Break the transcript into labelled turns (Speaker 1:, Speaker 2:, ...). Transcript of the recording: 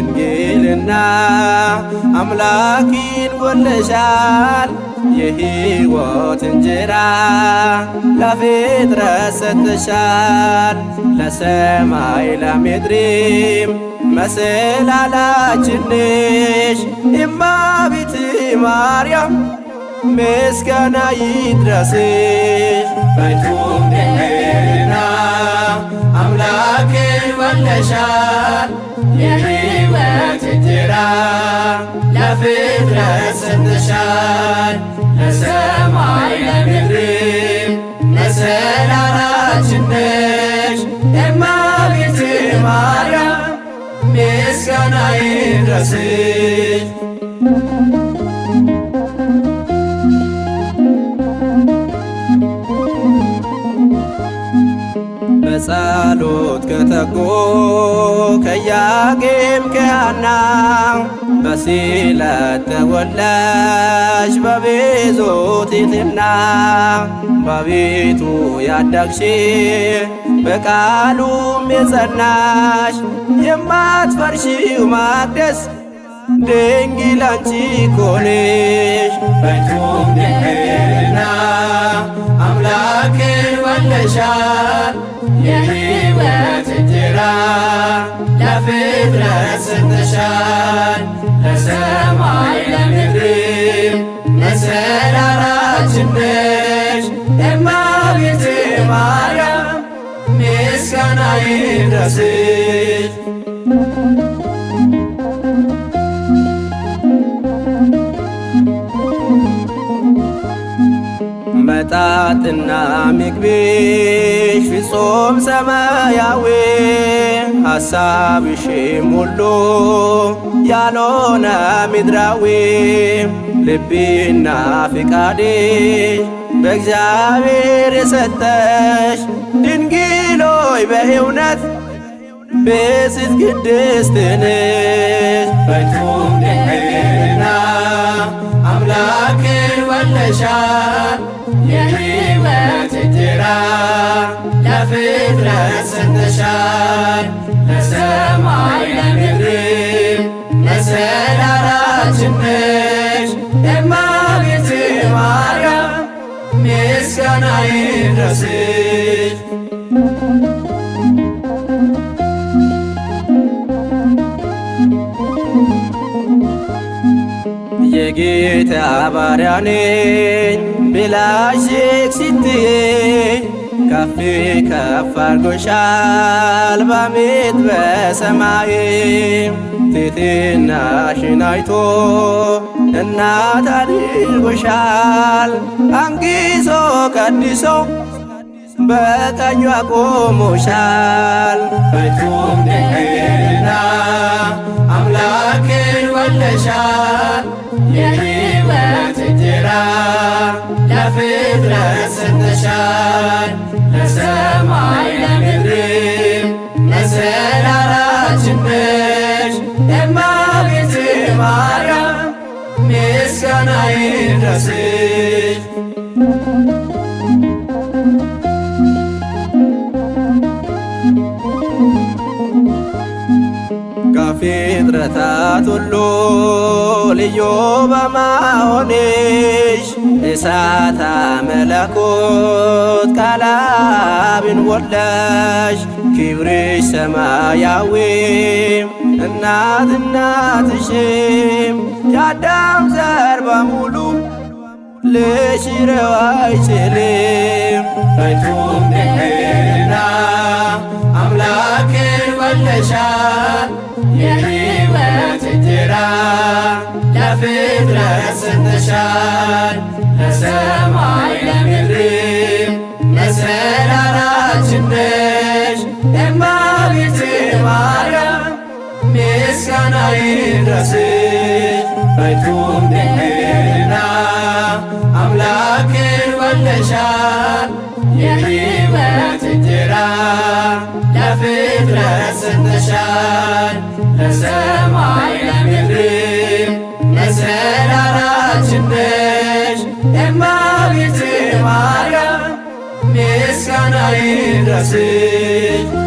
Speaker 1: ድንግልና አምላኪን ወለሻል የሕይወት እንጀራ ለፍጥረት ሰጥተሻል። ለሰማይ ለምድርም መሰላላችንሽ! ነሽ እማቤት ማርያም ምስጋና ይድረስሽ። አምላክን ወለሻል የሕይወት እንጀራ ለፍጥረት ሰጥተሻል ለሰማይ ለምድር መሰላላችን ነሽ እማቤት ማርያም ምስጋና ይድረስሽ
Speaker 2: ካሉት ከተጎ ከያቄም ከያና በሲለት ተወለሽ በቤዞት ቲትና በቤቱ ያደግሽ በቃሉም የጸናሽ የማትፈርሺው ማቅደስ ድንግል አንቺ ኮንሽ
Speaker 1: በይቱም ድንግልና አምላክን በለሻል አደራ ለፍጥረት ስትሻል ለሰማይ ለምድር መሰላላችን ነሽ እማቤት ማርያም ምስጋና ይድረስሽ።
Speaker 2: መጣጥና ምግቤ ፍጹም ሰማያዊ ሐሳብሽም ሁሉ ያልሆነ ምድራዊ ልብና ፍቃዴ በእግዚአብሔር የሰጠሽ ድንግል ሆይ በእውነት ብፅዕት ቅድስት ነሽ
Speaker 1: ፍጹም ድንግልና አምላክን ወለሻል የሕይወት እንጀራ ፍጥረት ስትሻል ለሰማይ ለምድር መሰላላችን እማቤት ማርያም ምስጋና ይድረስሽ።
Speaker 2: የጌታ ባሪያ ነኝ ብላሽ ስትይኝ ከፍ ከፍ አርጎሻል ባቤት በሰማይ ትሕትናሽን አይቶ እናት አድርጎሻል አንግሶ ቀድሶ በቀኙ አቆሞሻል
Speaker 1: ፍጹም ድንግልና አምላክን ወለሻል የሕይወት እንጀራ ለፍጥረት ሰጥተሻል ለሰማይ ለምድር መሰላላችን ነሽ እማቤት ማርያም ምስጋና ይድረስሽ።
Speaker 2: ከፍጥረታት ሁሉ ልዩ በመሆንሽ እሳተ መለኮት ቃላብን ወለሽ ክብርሽ እናት እናትሽም የአዳም ዘር በሙሉ ልሽረው አይችልም
Speaker 1: አይቱም ድንግልና አምላኬ ሞልተሻል የሕይወት እንጀራ ለፍጥረት ሰጥተሻል ለሰማይ ለምድር መሰላላችን ነሽ እመቤቴ ማርያም ምስጋና በቱም ድንግልና አምላክን ወለሻል ለሰማይ ለምድር መሰላላችን ነሽ እመቤቴ ማርያም ምስጋና ይድረስሽ።